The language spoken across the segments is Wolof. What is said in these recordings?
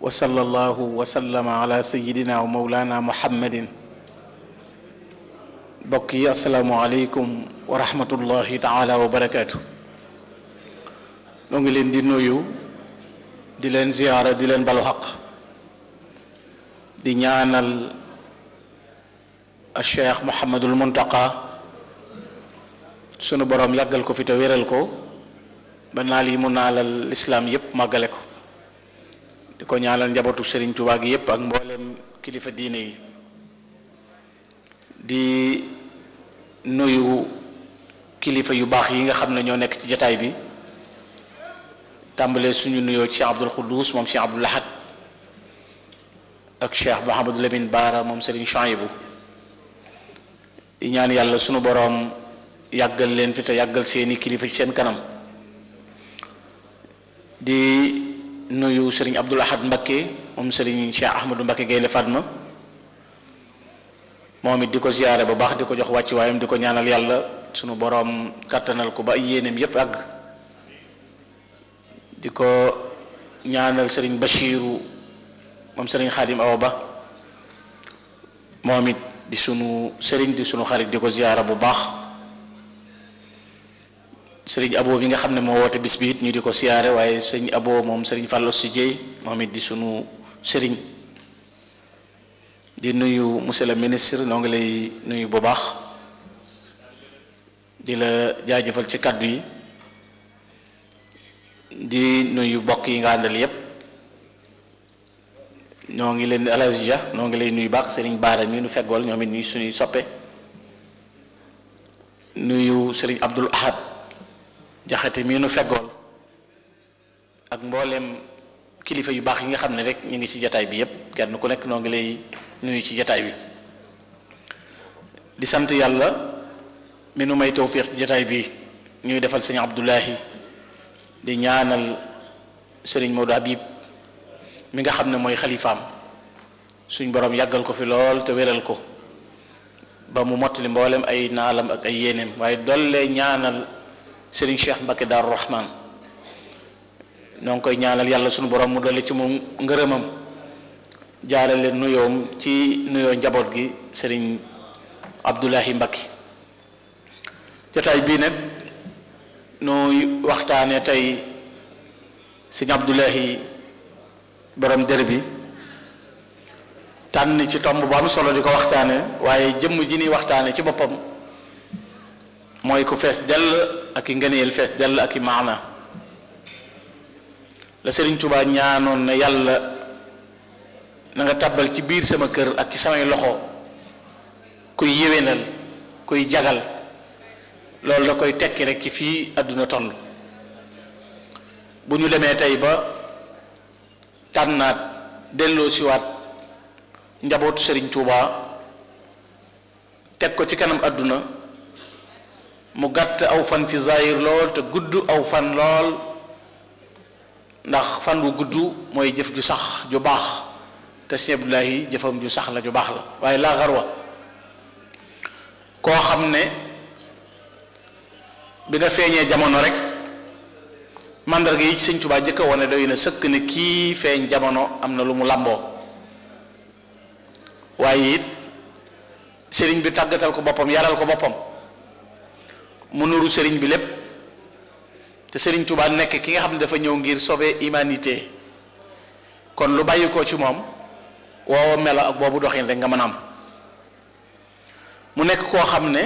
wa sallallahu wa sallama ala sayidina wa mawlana muhammadin mbokk yi asalaamualeykum wa barakaatu noo ngi leen di nuyu di leen ziyaara di leen balu xaq di ñaanal cheikh Mouhamadul Muntaqa sunu borom yàggal ko fi te wéral ko ba naal yi mu naalal lislaam yépp màggale ko di ko ñaanal njabootu sëriñ Tuubaa gi kilifa diine yi di nuyu kilifa yu baax yi nga xam ne ñoo nekk ci jataay bi tàmbalee suñu nuyoo ci Cheikh moom Cheikh Abdul ak Cheikh Mouhamadou Baara moom Serigne Chouaïbou di ñaan yàlla sunu boroom yàggal leen fi yàggal seeni kilifa ci seen kanam di nuyu sëriñ Abdul Ahad Mbakke moom sëriñ Cheikh Ahmadou Mbakke Gaynde Fatma moom it di ko ziyaare bu baax di ko jox wàcc wàccuwaayam di ko ñaanal yàlla sunu boroom kàttanal ko ba ay yéeneem yépp àgg di ko ñaanal sëriñ Bachiru moom sëriñ Xaadim Awa Ba moom it di sunu sëriñ di sunu xarit di ko ziyaara bu baax sëriñ aboo bi nga xam ne moo woote bis bi it ñu di ko siyaare waaye sëriñ aboo moom sëriñ Fallou si Dieye moom it di suñu sëriñ di nuyu monsieur le ministre noo ngi lay nuyu bu baax di la jaajëfal ci kàddu yi di nuyu bokk yi nga àndal yépp ñoo ngi leen Alaji noo ngi lay nuyu baax sëriñ Baara mi nu feggool ñoom it ñuy suñuy soppe nuyu sëriñ Abdul Ahad jaxate mii nu feggool ak mbooleem kilifa yu baax yi nga xam ne rek ñu ngi ci jataay bi yépp kenn ku nekk noo ngi lay nuyu ci jataay bi di sant yàlla mi nu may tawfiix ci jataay bi ñuy defal sëñ Abdullahi di ñaanal sëriñ Maodo Habib mi nga xam ne mooy xalifaam suñ boroom yàggal ko fi lool te wéral ko ba mu mottali mbooleem ay naalam ak ay yéeneem waaye dolle ñaanal Serigne Cheikh Mbacke Darou Rahman ñoo ngi koy ñaanal yàlla suñu borom mu dole ci moom ngërëmam leen nuyoom ci nuyoo njaboot gi Serigne Abdoulahi mbaki jotaay bii nag nuy waxtaane tey Serigne Abdoulahi borom dër bi tànn ci tomb bu am solo di ko waxtaane waaye jëmm ji ni waxtaane ci boppam mooy ku fees dell ak i ngëneel fees dell ak i maana la Sëriñ Tuubaa ñaanoon na yàlla na nga tàbbal ci biir sama kër ak ci samay loxo kuy yéwénal kuy jagal loolu da koy tekki rek ci fii àdduna ton bu ñu demee tey ba tànnaat delloo siwaat njabootu Sëriñ Tuubaa teg ko ci kanam àdduna mu gàtt aw fan ci zahir lool te gudd aw fan lool ndax fan wu gudd mooy jëf ju sax ju baax te sëñ Abdoulahi jëfam ju sax la ju baax la waaye laa wa koo xam ne bi nga feeñee jamono rek màndarga yi ci sëñ Tuubaa jëkk a wane doy na sëkk ni kii feeñ jamono am na lu mu làmboo waaye it sëriñ bi tàggatal ko boppam yàllal ko boppam mu nuru sëriñ bi lépp te sëriñ Touba nekk ki nga xam ne dafa ñëw ngir sauver humanité kon lu bàyyi ko ci moom woowa melo boobu doxin rek nga mën a am mu nekk koo xam ne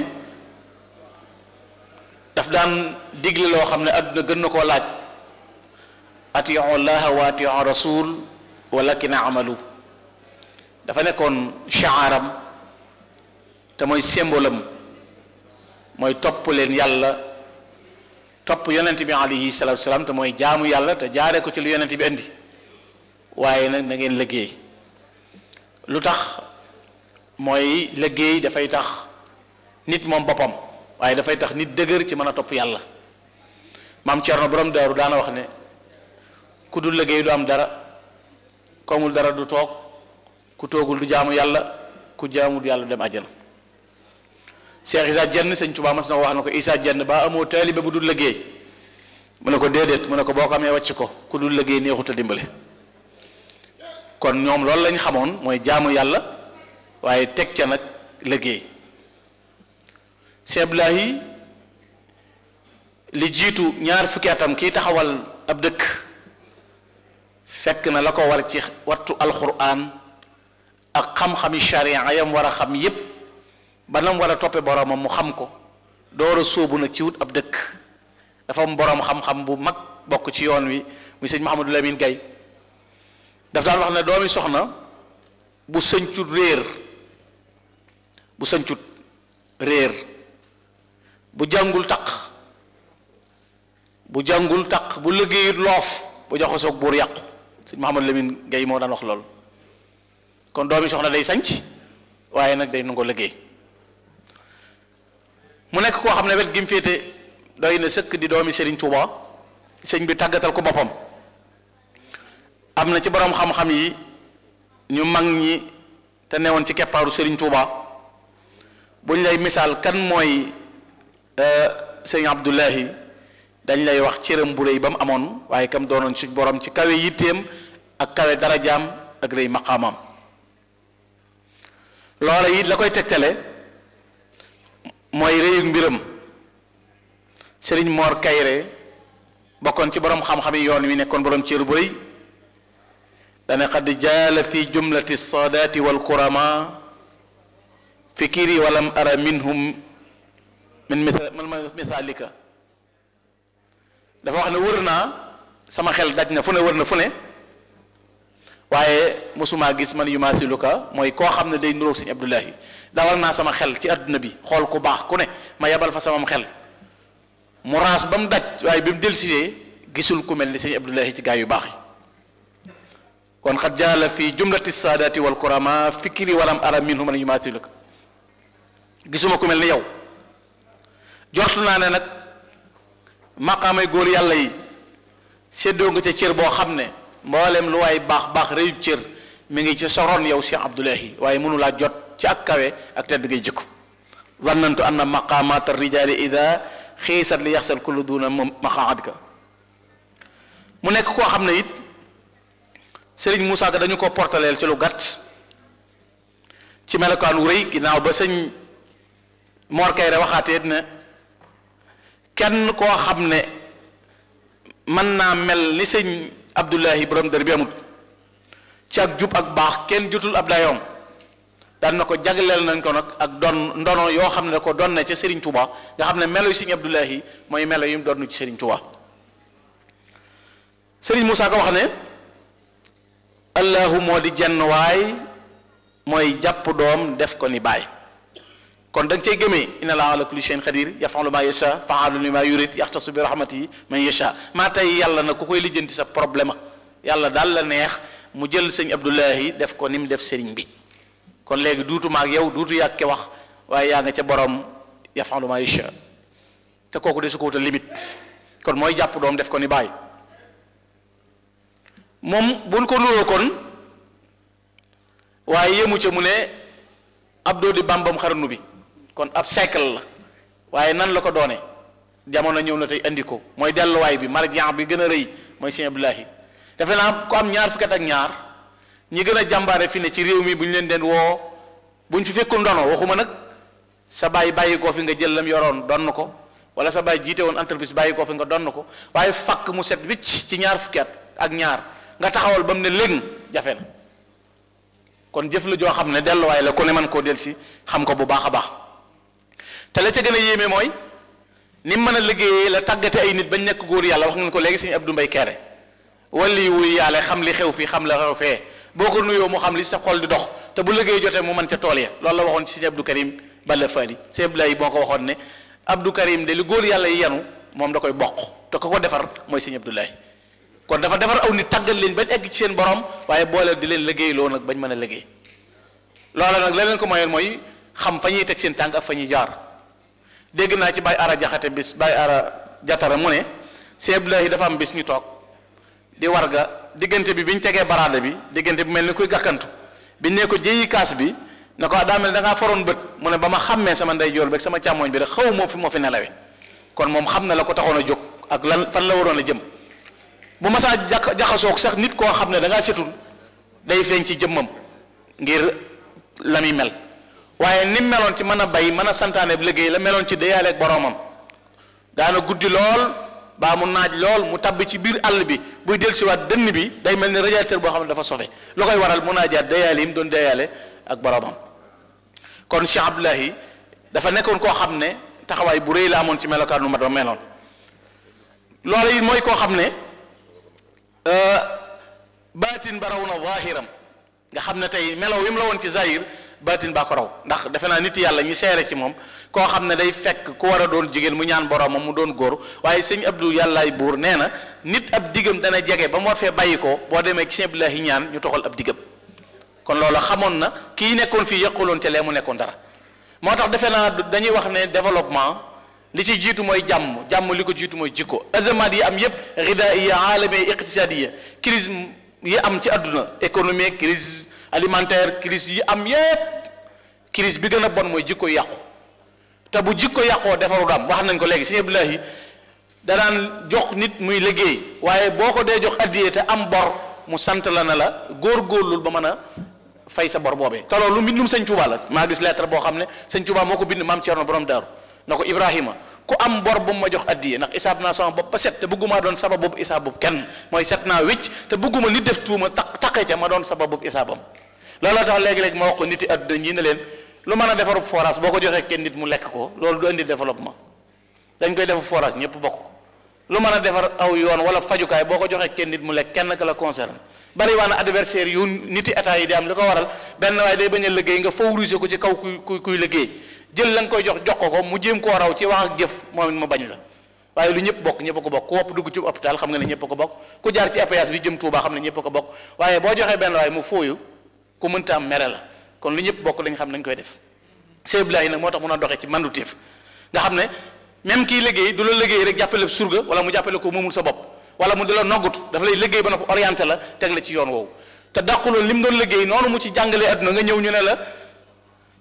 daf daan digle loo xam ne àdduna gën na koo laaj atiu llaha wa atiu rasul walakin amalu dafa nekkoon shaaram te mooy symbole mooy topp leen yàlla topp yonent bi alayhi salaatu salaam te mooy jaamu yàlla te jaare ko ci lu yonent bi indi waaye nag na ngeen liggéey lu tax mooy liggéey dafay tax nit moom boppam waaye dafay tax nit dëgër ci mën a topp yàlla maam Cerno borom daaru daana wax ne ku dul liggéey du am dara ku dara du toog ku toogul du jaamu yàlla ku du yàlla dem àjjana Cheikh Issa jenn sëñ Tuubaa mas ko wax na ko Issa Dieng ba amoo taalibe bu dul liggéey mu ne ko déedéet mu ne ko boo ko amee wàcc ko ku dul liggéey neexut a dimbale kon ñoom loolu lañ xamoon mooy jaamu yàlla waaye teg ca nag liggéey Cheikh Abdoulahi li jiitu ñaar fukki atam kiy taxawal ab dëkk fekk na la ko war ci wattu alxuraan ak xam-xami sharia yam war a xam yépp ba nam war a toppe boroomam mu xam ko door a sóobu nag ci wut ab dëkk dafa am boroom xam-xam bu mag bokk ci yoon wi muy sëñ Mouhamadou Lamine Gaye daf daan wax ne doomi soxna bu sëñcut réer bu sëncut réer bu jàngul taq bu jàngul taq bu liggéeyut loof bu joxasoog buur yàqu sëñ Mouhamadou Lamine Gaye moo daan wax loolu kon doomi soxna day sanc waaye nag day nangoo liggéey mu nekk koo xam ne wet gi mu féete doy na sëkk di doomi Serigne Touba sëñ bi tàggatal ko boppam am na ci boroom xam-xam yi ñu mag ñi te newoon ci keppaaru Serigne Touba buñ lay misaal kan mooy euh, sëñ Abdullahi dañ lay wax cëram bu rëy ba mu amoon waaye kam doonoon suñ borom ci kawe yitteem ak kawe darajaam ak rëy maqaamam loola it la koy tegtale. mooy réyug mbiram sëriñ Mor Kayre bokkoon ci boroom xam-xam yoon wi nekkoon borom cër bu dana xad jaala fi jumlati saadaati wal kurama fikiri walam ara minhum min misaalika dafa wax ne wër naa sama xel daj na fu ne wër na fu ne waaye mosuma gis man yu maasilu ka mooy koo xam ne day nuroog sëñ Abdullahi dawal naa sama xel ci àdduna bi xool ku baax ku ne ma yebal fa samam xel mu raas ba mu daj waaye bi mu dellusee gisul ku mel ni sëñ Abdullahi ci gaa yu baax yi kon xat jaala fi jumlati saadaati wal kurama fikiri walam ara minhu man yumaathiluka gisuma ku mel ni yow jortu naa ne nag maqaamay góor yàlla yi séddoo nga ca cër boo xam ne mboolem lu waaye baax baax rëyub cër mi ngi ci soroon yow Cheikh Abdoulahi waaye mënulaa jot ci ak kawe ak tedd ngay jikko zannantu anna maqaamaat rijaali ida xiisat li yaxsal kullu duna maqaadka mu nekk koo xam ne it sëriñ Moussa Ka dañu ko portaleel ci lu gàtt ci melokaan wu rëy ba sëñ Mor Kayre waxaatee kenn koo xam ne mën naa mel ni sëñ Abdullahi borom dër bi amut ci ak jub ak baax kenn jotul ab dayoom daan na ko jagleel nañ ko nag ak don ndono yoo xam ne ko doon na ca sëriñ Touba nga xam ne melo yu Serigne Abdullahi mooy melo yu mu doon ci Serigne sëriñ Serigne Moussa ko wax ne allahu moo di jenn waay mooy jàpp doom def ko ni baay. kon da nga cey gëmee inna laa ala kulli shay'in qadir yafalu ma yasha fa'alu lima yurid yaxtasu bi rahmatihi man yasha maa tey yàlla na ku koy lijjanti sa problème yàlla daal la neex mu jël sëñ Abdullahi def ko ni mu def sëriñ bi kon léegi duutu maag yow duutu yàkke wax waaye yaa nga ca borom yafalu ma yasha te kooku de su ko wutal limite kon mooy jàpp doom def ko ni bàyyi moom buñ ko nuroo kon waaye yemu ca mu ne abdoo di bambam xarnu bi kon ab siècle la waaye nan la ko doone jamono ñëw na tey indi ko mooy delluwaay bi marjaan bi gën a rëy mooy sëñ Abdoulahi defe naa ko am ñaar fukki ak ñaar ñi gën a jàmbaare fi ne ci réew mi bu ñu leen den woo bu ñu fi fekkul ndono waxuma nag sa baay bàyyi koo fi nga jël lam yoroon donn ko wala sa bàyyi jiite woon entreprise bàyyi koo fi nga donn ko waaye fakk mu set wicc ci ñaar fukket ak ñaar nga taxawal ba mu ne léegi jafe na kon jëf la joo xam ne delluwaay la ku ne man koo del si xam ko bu baax a baax te la ca gën a yéeme mooy ni mën a liggéeyee la tàggate ay nit bañ nekk góor yàlla wax ngeen ko léegi sëñ Abdou Mbaye Kéré wali wuy yàlla xam li xew fii xam la xew fee boo ko nuyoo mu xam li sa xol di dox te bu liggéey jotee mu mën ca tool ya loolu la waxoon ci sëñ Abdou Karim Balla Fali sëñ Abdoulaye moo ko waxoon ne Abdou Karim de li góor yàlla yi yanu moom da koy boq te ko ko defar mooy sëñ Abdoulaye kon dafa defar aw nit tàggat leen bañ egg ci seen borom waaye boole di leen liggéey nag bañ mën a liggéey loola nag la ko mayoon mooy xam fa ñuy teg seen fa ñuy jaar dégg naa ci Baye Ara Jaxate bis Baye Ara Jatara mu ne Sëñ Abdoulaye dafa am bis ñu toog di ga diggante bi bi ñu tegee baraada bi diggante bi mel ni kuy gàkkantu bi ne ko jëyi kaas bi ne ko ah, daa mel ne da ngaa foroon bët mu ne ba ma xàmmee sama ndeyjoor beeg sama càmmoñ bi rek xaw moo fi moo fi nelawe kon moom xam na la ko taxoon a jóg ak lan fan la waroon a jëm bu ma saa jaxasoog sax nit koo xam ne dangaa ngaa setul day feeñ ci jëmmam ngir la muy mel. waaye ni meloon ci mën a bay mën a santaane bi liggéey la meloon ci dayaaleeg boroomam daana guddi lool baa mu naaj lool mu tabb ci biir àll bi buy dellusiwaat dënn bi day mel ni radiateur boo xam ne dafa sofe lu koy waral mu naajaat dayaale yi mu doon dayaale ak boroomam kon Cheikh Abdoulahi dafa nekkoon koo xam ne taxawaay bu rëy la amoon ci melokaanu mat ba meloon loolu it mooy koo xam ne euh, baatin ba raw na waahiram nga xam ne tey melaw yi mu la woon ci zahir baatin baa ko raw ndax defe naa nit yàlla ñi seere ci moom koo xam ne day fekk ku war a doon jigéen mu ñaan boroomam mu doon góor waaye sëñ Abdou yàllaay buur nee na nit ab diggam dana jege ba moo fee bàyyi ko boo demee ci sëñ Abdoulahi ñaan ñu toxal ab diggam kon loolu xamoon na kii nekkoon fii yëquloon ca lee mu nekkoon dara moo tax defe naa dañuy wax ne développement li ci jiitu mooy jàmm jàmm li ko jiitu mooy jikko azamat yi am yëpp ridaiya alamiya iqtisadiya crise yi am ci àdduna économie crise alimentaire crise yi am yépp crise bi gën a bon mooy jikko yàqu te bu jikko yàqoo defaru du am wax nañ ko léegi sëñ Abdoulahi danaan jox nit muy liggéey waaye boo ko dee jox addiyee te am bor mu sant la na la góor-góorlul ba mën a fay sa bor boobee te loolu mbindum sëñ Tuubaa la maa gis boo xam ne sëñ Tuubaa moo ko bind maam Cerno borom daaru na ko Ibrahima ku am bor bu mu ma jox addiyee ndax isaab naa sama bopp ba set te doon sabab boobu isaab kenn mooy set naa wécc te bëgguma nit def tuuma taq taqee ma doon sabab boobu isaabam looloo tax léegi-léegi ma wax ko nit yi àdduna ñii ne leen lu mën a defaru forage boo ko joxee kenn nit mu lekk ko loolu du indi développement dañ koy def forage ñëpp bokk lu mën a defar aw yoon wala fajukaay boo ko joxee kenn nit mu lekk kenn ka la concerne bari waa na adversaire yu nit yi état yi am li ko waral benn waaye bañ liggéey nga favoriser ko ci kaw kuy kuy kuy liggéey jël la koy jox jox ko ko mu jéem koo raw ci wax ak jëf moom ma bañ la waaye lu ñëpp bokk ñëpp a ko bokk ku wopp dugg ci hôpital xam nga ne ñëpp ko bokk ku jaar ci APS bi jëm Touba xam ne ñëpp ko bokk waaye boo joxee benn waaye mu fooyu ku mënta am mere la kon lu ñëpp bokk lañ xam nañ koy def Cheikh Ibrahima nag moo tax mun a doxe ci mandu téef nga xam ne même kii liggéey du la liggéey rek jàppale surga wala mu jàppale ko moomul sa bopp wala mu di la noggutu dafa lay liggéey ba nopp orienté la teg la ci yoon woowu te dàquloon li mu doon liggéey noonu mu ci jàngalee adduna nga ñëw ñu ne la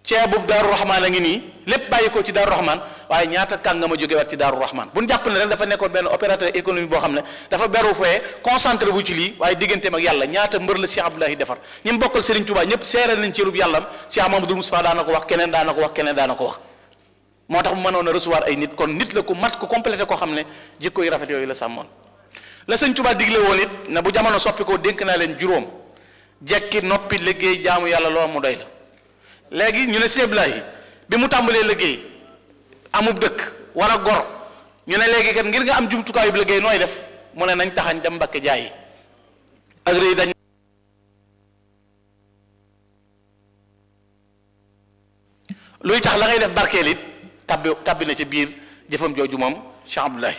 ceebub daaru rahmaan a ngi nii lépp bàyyi ko ci daaru rahmaan waaye ñaata kàngama jóge waat ci Daaru Rahman bu ñu jàpp ne rek dafa nekkoon benn opérateur économique boo xam ne dafa beru fee concentré bu ci lii waaye digganteem ak yàlla ñaata mbër la Cheikh Abdoulahi defar ñi mu bokkal Serigne Touba ñëpp seere nañ ci rub yàllam Cheikh Mamadou Moustapha daana ko wax keneen daana ko wax keneen daana ko wax moo tax mu mënoon a recevoir ay nit kon nit la ku mat ku complété koo xam ne jikko yu rafet yooyu la sàmmoon la sëñ Touba digle woon it ne bu jamono soppi ko dénk naa leen juróom jekki noppi liggéey jaamu yàlla loo mu doy la léegi ñu ne Cheikh Abdoulahi bi mu tàmbalee liggéey amub dëkk war a gor ñu ne léegi kat ngir nga am jumtukaayu bi liggéey nooy def mu ne nañ taxañ dem Mbàkke jaayi ak rëy dañ luy tax la ngay def barkeel it tabbi tabbi na ca biir jëfam jooju moom Cheikh Abdoulaye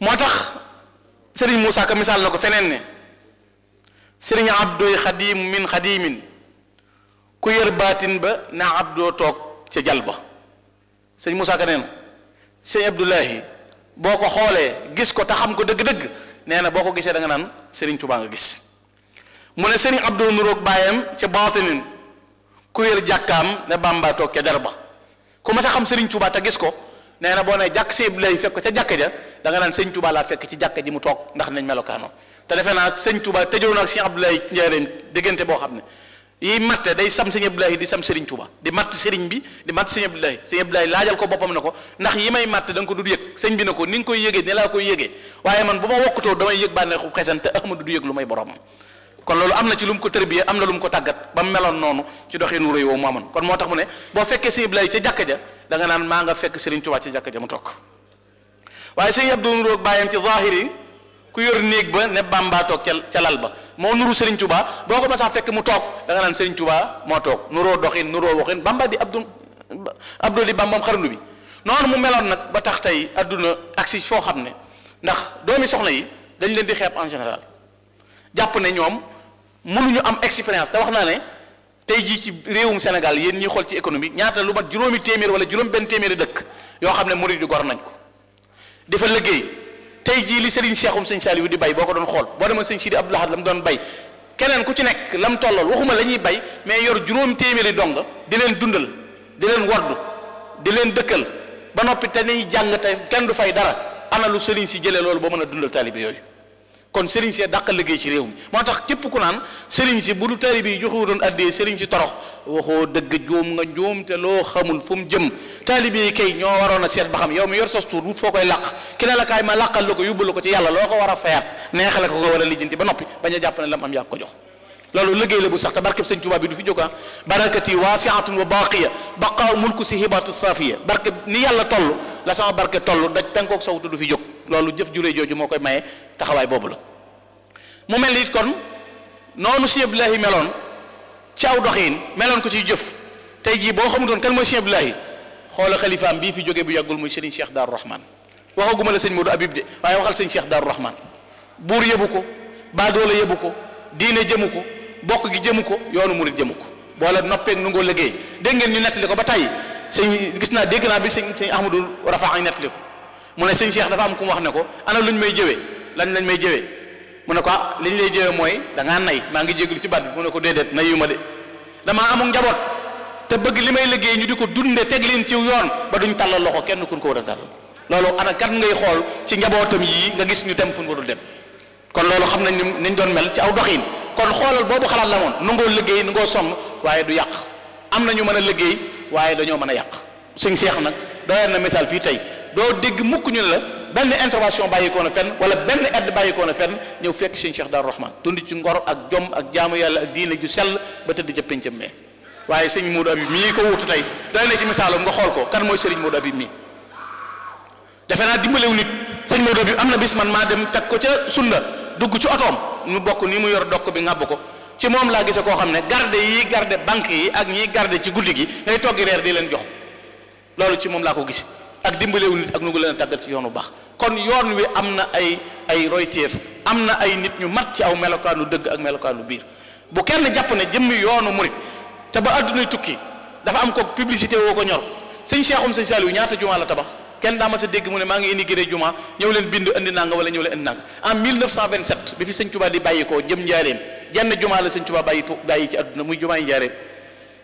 moo tax Serigne Moussa Ka misaal na ko feneen ne a Abdoy xadiim min xadiimin ku yër baatin ba naa abdoo toog ca jal ba sëñ Moussa Ka nee na sëñ Abdoulahi boo ko xoolee gis ko te xam ko dëgg-dëgg nee na boo ko gisee da nga naan Serigne Touba nga gis mu ne Serigne Abdou nuroog bàyyam ca baatinin ku wér jàkkaam ne Bamba toog ca der ba ku mas a xam Serigne Touba gis ko nee na boo nee jàkk sëñ Abdoulahi fekk ko ca jàkk ja da nga naan sëñ Touba laa fekk ci jàkk ji mu toog ndax nañ melokaanoo te defe naa sëñ Touba tëjoo na ak sëñ Abdoulahi Njaaréem diggante boo xam ne yi matte day sam sëñ Abdoulaye di sam sëriñ Touba di matt seriñ bi di matt sëñ Abdoulaye sëñ Abdoulaye laajal ko boppam na ko ndax yi may matt da nga ko dud yëg na ko ni nga koy yëgee ne laa koy yëgee waaye man bu ma wokkutoo damay yëg bànneexu xesante Ahmadu du lu may boromam kon loolu am na ci lu mu ko tërbiyee am na lu mu ko tàggat ba mu meloon noonu ci doxinu réew woowu mu amoon kon moo tax mu ne boo fekkee sëñ Abdoulaye ca jàkka ja da naan maa nga fekk sëriñ Touba ca jàkka ja mu toog waaye sëñ Abdou Ndour ak bàyyam ci zahiri ku yor néeg ba ne Bamba toog ca ca lal ba moo nuru Serigne tubaa boo ko saa fekk mu toog da nga naan Serigne Touba moo toog nuroo doxin nuroo waxin Bamba di Abdou Abdou di Bambam xarandu bi noonu mu meloon nag ba tax tey àdduna agsi foo xam ne ndax doomi soxna yi dañ leen di xeeb en général jàpp ne ñoom ñu am expérience te wax naa ne tey jii ci réewum Sénégal yéen ñiy xool ci économie ñaata lu mat juróomi téeméer wala juróom benn téeméeri dëkk yoo xam ne murid yu gor nañ ko dafa liggéey tey jii li Serigne Cheikhoum sëñ Saliou di bay boo ko doon xool boo demoon sëñ Sidi Abdoul Ahad la mu doon bay keneen ku ci nekk lam tollool waxuma la ñuy bay mais yor juróom téeméeri dong di leen dundal di leen wardu di leen dëkkal ba noppi te niy jàng te kenn du fay dara ana lu sëriñ si jëlee loolu ba mën a dundal taalibe yooyu kon sëriñ si dàq liggéey ci réew mi moo tax képp ku naan sëriñ si bu du tari bi joxuwutoon addee sëriñ si torox waxoo dëgg juum nga juum te loo xamul fu mu jëm taalibe yi kay ñoo waroon a seet ba xam yow mi yor sos tuur wut foo koy làq ki ne la ma làqal la ko yóbbul la ko ci yàlla loo ko war a fayaat neexale ko ko war a lijjanti ba noppi bañ a jàpp ne lam am yaa ko jox loolu liggéey la bu sax te barkeb sëñ Tuubaa bi du fi jógaa ah. barakati waasiatun wa baqiya baqaa mulku si hibaatu saafiya barke ni yàlla toll la sama barke toll daj penkook sowtu du fi jóg loolu jëf jure jooju moo koy maye taxawaay boobu la mu mel ni kon noonu Sëñ Abdoulahi meloon ci aw doxiin meloon ko ciy jëf tey jii boo xamutoon kan mooy Sëñ Abdoulahi xoola xalifaam bii fi jóge bu yàggul muy Serigne Cheikh Darou Rahman waxaguma la sëñ Modou Habib de waaye waxal sëñ Cheikh Darou Rahman buur yëbu ko baadoola yëbu ko diine jëm ko bokk gi jëm ko yoonu murit jëm ko boole noppeeg nu ngoo liggéey dégg ngeen ñu nettali ko ba tey sëñ gis naa dégg naa bi sëñ sëñ Ahmadou Rafa ay mu ne sëñ Cheikh dafa am ku mu wax ne ko ana ñu may jëwee lañ lañ may jëwee mu ne ko ah li ñu lay jëwee mooy da ngaa nay maa ngi jéglu ci baat bi mu ne ko déedéet nayu ma de damaa amul njaboot te bëgg li may liggéey ñu di ko dunde teg leen ciw yoon ba duñ tàllal loxo kenn kun ko war a tàllal loolu ana kat ngay xool ci njabootam yii nga gis ñu dem fu ñu warul dem kon loolu xam nañ ni ñu doon mel ci aw doxiin kon xoolal boobu xalaat la moon nu ngoo liggéey nu ngoo sonn waaye du yàq am na ñu mën a liggéey waaye dañoo mën a yàq suñ seex nag doyoon na misaal fii tey doo dégg mukk ñu ne la benn intervention bàyyikoo na fenn wala benn aide bàyyikoo na fenn ñëw fekk seen Cheikh Darou Rahman dund ci ngor ak jom ak jaamu yàlla ak diine ju sell ba tëdd ca péncam mee waaye sëñ Modou Habib mii ko wutu tey doy na ci misaalam nga xool ko kan mooy sëriñ Modou Habib mii defe naa dimbalewu nit sëñ Modou Habib am na bis man maa dem fekk ko ca sunna dugg ci otoom mu bokk ni mu yor dokk bi ngàbb ko ci moom laa gise koo xam ne garde yi garde banque yi ak ñii garde ci guddi gi ngay toggi reer di leen jox loolu ci moom laa ko gise ak dimbalewu nit ak nu ngi leen a tàggat ci yoonu baax kon yoon wi am na ay ay royteef am na ay nit ñu mat ci aw melokaanu dëgg ak melokaanu biir bu kenn jàpp ne jëmmi yoonu murit te ba àddunay tukki dafa am ko publicité woo ko ñor sëñ Cheikhoum sëñ Saliou ñaata jumaa la tabax kenn daa ma sa dégg mu ne maa ngi indi géré jumaa ñëw leen bind indi nanga wala ñëw leen indi nanga en 1927 bi fi sëñ Touba di bàyyi ko jëm njaareem jenn jumaa la sëñ Touba bàyyi ci àdduna muy jumaa yi njaareem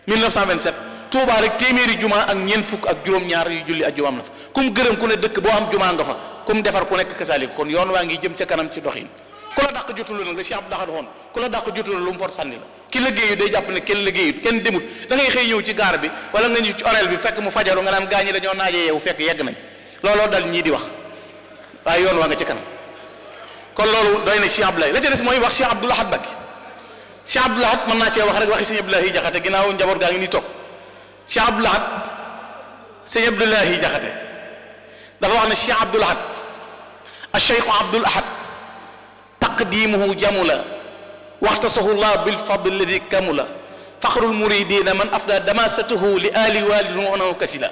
1927 Touba rek téeméeri juma ak ñeent fukk ak juróom-ñaar yu julli ak jumaam na fa kum gërëm ku ne dëkk boo am jumaa nga fa kum defar ku nekk kasaaliku kon yoon waa ngi jëm ca kanam ci doxin ku la dàq jotul nag la Cheikh Abdou Lahad waxoon ku la dàq jotul lu mu for sànni la ki liggéeyu day jàpp ne kenn liggéeyut kenn demut da ngay xëy ñëw ci gaar bi wala nga ñëw ci orel bi fekk mu fajaru nga naan gaa ñi dañoo naaje yow fekk yegg nañ looloo dal ñii di wax waaye yoon waa nga ci kanam kon loolu doy na la ca des mooy wax Cheikh Abdou Lahad Mbacké Cheikh Abdou Lahad mën naa cee wax gaa ngi ni toog Cheikh Abdoul Ahad sëñ Abdoulahi Jaxate dafa wax ne Cheikh Abdoul Ahad acheikhu Abdoul Ahad taqdimuhu jamula waxtasahu llah bilfadl alladi kamula faxrul muridina man afda damasatuhu li ali walidin wanahu kasila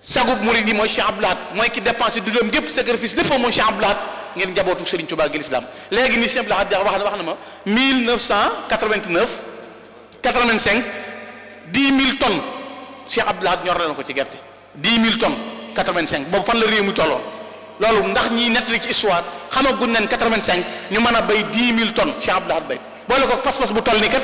sagub murid yi mooy Cheikh Abdoul Ahad mooy ki dépensé dundam gépp sacrifice lépp mooy Cheikh Abdoul Ahad ngeen njabootu Serigne Touba gi lislaam léegi nii Cheikh Abdoul Ahad wax na wax na ma 1989 85 dix mille tonnes Cheikh Abdoul Ahad ñor na ko ci gerte dix mille tonnes quatre-vingt-cinq boobu fan la réew mi tolloon loolu ndax ñiy nettali ci histoire xamaguñ nañ quatre-vingt-cinq ñu mën a bay dix mille ton Cheikh Abdoul Ahad bay boole ko pas-pas bu toll ni kat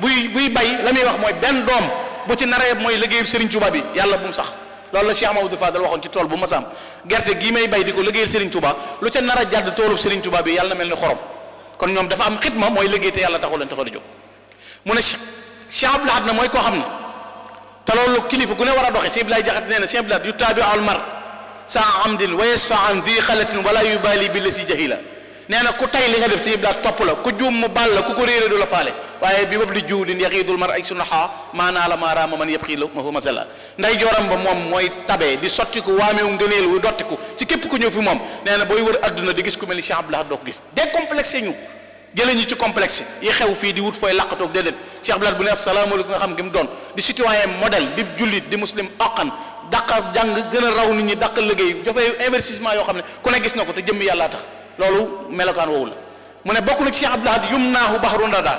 buy buy bay la muy wax mooy benn doom bu ci naree mooy liggéeyub Serigne tubaa bi yàlla bu mu sax loolu la Cheikh Maodo Fadal waxoon ci tool bu ma masam gerte gi may bay di ko liggéeyal Serigne Touba lu ca nar a bi yàlla na mel ni xorom kon ñoom dafa am xitma mooy liggéey yàlla taxul leen taxul a Cheikh Abdou na mooy koo xam na te loolu kilifa gu ne war a doxee Cheikh Abdoulaye Jaxate nee na Cheikh Abdou Lahad yu taabi al mar sa amdin wa yasfa an di xalatin wala yubali bi la si jahila nee na ku tay li nga def Cheikh Abdou topp la ku juum mu baal la ku ko réeré du la faale waaye bi bab li juw din yaxiidul mar ay sunaha maanaa la maaraama man yëpp xii la ma fa masala nday jooram ba moom mooy tabee di sottiku waamewu ngëneel wu dottiku ci képp ku ñëw fi moom nee na booy wër adduna di gis ku mel ni Cheikh Abdou jëlee ñu ci complexe yi xew fii di wut fooy làqatoog déedéet Cheikh Bilal bu ne asalaamaaleykum nga xam gi mu doon di citoyen modèle di jullit di muslim oqan dàqa jàng gën a raw nit ñi dàqa liggéey dafay investissement yoo xam ne ku ne gis na ko te jëmm yàllaa tax loolu melokaan woowu la mu ne bokk na ci Cheikh Abdul Ahad yum naahu bahrun rada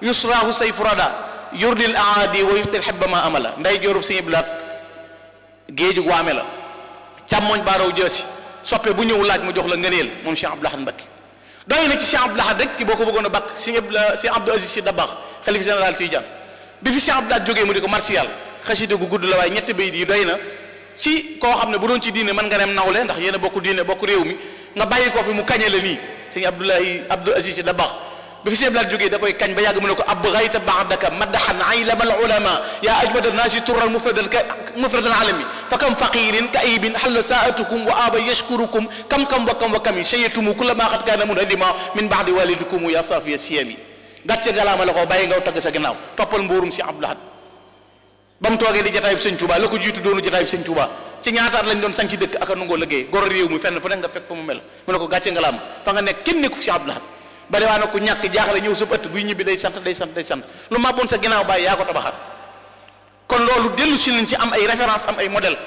yusraahu sayfu rada yurdil aadi wa yuxtil xebba ma amala nday joorub Sëñ Abdul Ahad géejug waame la càmmooñ baaraw si soppe bu ñëw laaj mu jox la ngëneel moom Cheikh Abdul Ahad Mbacké doy na ci Cheikh Abdou Lahad rek ci boo ko bëggoon a bakk si ñëpp la si Abdou Aziz si Dabakh xalif général Tidiane bi fi Cheikh Abdou jógee mu di ko martial xasida gu gudd la waaye ñetti bayit yi doy na ci koo xam ne bu doon ci diine mën nga dem nawle ndax yéen a bokk diine bokk réew mi nga bàyyi koo fi mu kañe la nii sëñ Abdoulahi Abdou Aziz si Dabakh bi fi sëñ Blaat da koy kañ ba yàgg mu ne ko ab madaxan aylamal ulama yaa ajmada naasi tural mufradan ka mufradan alami fa kam faqirin ka ayibin xalla saatukum wa aba yashkurukum kam ma xat kaana mun adima min baadi walidikum ya safiya siyami gàcce galaama la ko bàyyi ngaw tagg sa ginnaaw toppal mbuurum si Abdul Ahad ba mu toogee di jataay la ko jiitu doonu jataay bi sëñ Tuubaa ci ñaataat lañ doon sanc dëkk ak a nungoo liggéey gor réew mi fenn fu nekk nga fekk fa mu mel ko gàcce ngalaama fa nekk kenn nekku fi si bari waa na ku ñàkk jaaxle ñëw sa ëtt buy ñibbi day sant day sant day sant lu màbboon sa ginnaaw bàyyi yaa ko tabaxat kon loolu dellu si nañ ci am ay référence am ay modèle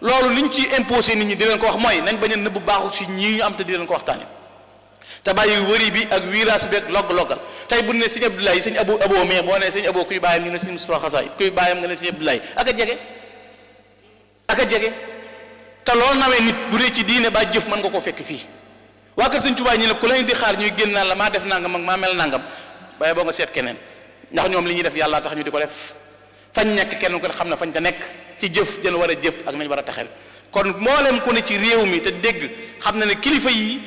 loolu liñ ci imposé nit ñi di leen ko wax mooy nañ bañ a nëbb baaxu si ñii ñu am te di leen ko waxtaane te bàyyi wëri bi ak wiiraas bi ak logg-loggal tey bu ne sëñ Abdoulaye sëñ Abo Abo mais boo nee sëñ Abo kuy bàyyam ñu ne sëñ Moustapha Xasaay kuy bàyyam nga ne sëñ Abdoulaye ak a jege ak a jege te loolu nawee nit bu dee ci diine ba jëf mën nga koo fekk fii waa kër sëñ Tuubaa ñi ne ku lañ di xaar ñuy génn naan la maa def nangam ak maa mel nangam waaye boo nga seet keneen ndax ñoom li ñuy def tax ñu di ko def fañ nekk kenn ko xam ne fañ ca nekk ci jëf jën war a nañ war a taxel kon mboolem ku ne ci réew mi te dégg xam na ne kilifa yi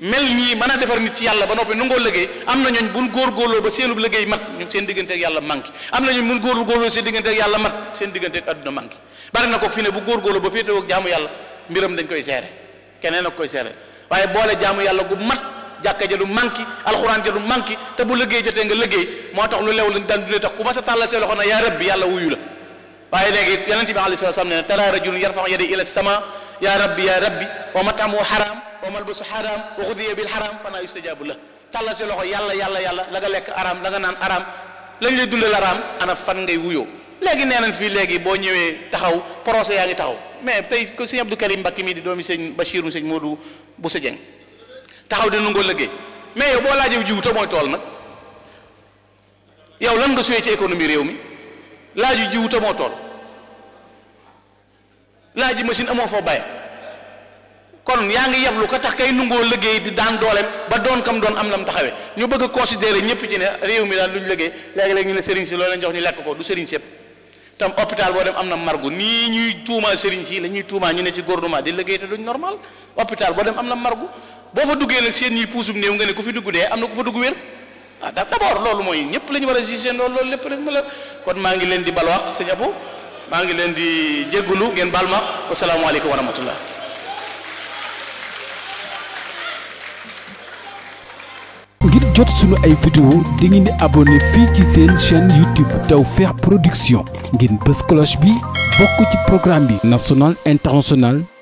mel nii mën a defar nit yàlla ba noppi nu ngoo am na ñooñ buñ góorgóorloo ba seenub liggéey mat ñu seen diggante ak manqué am na ñooñ buñ góorgóorloo seen diggante ak yàlla mat seen diggante ak adduna manqué na ko fi ne bu góorgóorloo ba féetewoo ak jaamu yàlla mbiram dañ koy seere keneen ak koy seere waaye boole jaamu yàlla gu mat jàkka ja du manqué alxuraan ja du manqué te bu liggéey jotee nga liggéey moo tax lu lew lañ daan dundee tax ku ma sa tàllal see loxo na yaa rabbi yàlla wuyu la waaye léegi yonent bi alayhi salaam nee na tara rajulun yarfax yadi ila sama yaa rabbi yaa rabbi wa matamu xaraam wa malbasu xaraam wa xudiya bil xaraam fanaa yustajaabu la tàllal see loxo yàlla yàlla yàlla la nga lekk araam la nga naan araam lañ lay dundal araam ana fan ngay wuyoo léegi nee nañ fii léegi boo ñëwee taxaw procès yaa ngi taxaw mais tey ko sëñ Abdou Karim Mbacke mii di doomi sëñ Bachir mu sëñ Modou bu sa jeng taxaw dina ngoo liggéey mais yow boo laajoo jiw te mooy tool nag yow lan nga suyee ci réew mi laaju jiw te moo tool laaji machine amoo foo bay kon yaa ngi yeblu ko tax kay nungoo liggéey di daan dooleem ba doon kam doon am lam taxawee ñu bëgg a considérer ñëpp ci ne réew mi daal lu ñu liggéey léegi-léegi ñu ne sëriñ si loo leen jox ñu lekk ko du sëriñ sépp tam hôpital boo dem am na margo nii ñuy tuumaa sëriñ si la ñuy tuumaa ñu ne ci gouvernement di liggéey te duñ normal hôpital boo dem am na margo boo fa duggee nag seen ñuy puusum néew nga ne ku fi dugg dee am na ku fa dugg wér ah d' abord loolu mooy ñëpp la ñu war a gisee loolu loolu lépp rek ma la kon maa ngi leen di balwaq sëñ Abou maa ngi leen di jéggulu ngeen baal ma wasalaamualeykum wa rahmatullah jot suñu ay vidéo da ngeen di abonné fii ci seen chaîne YouTube feex Production ngir bës cloche bi bokk ci programme bi national international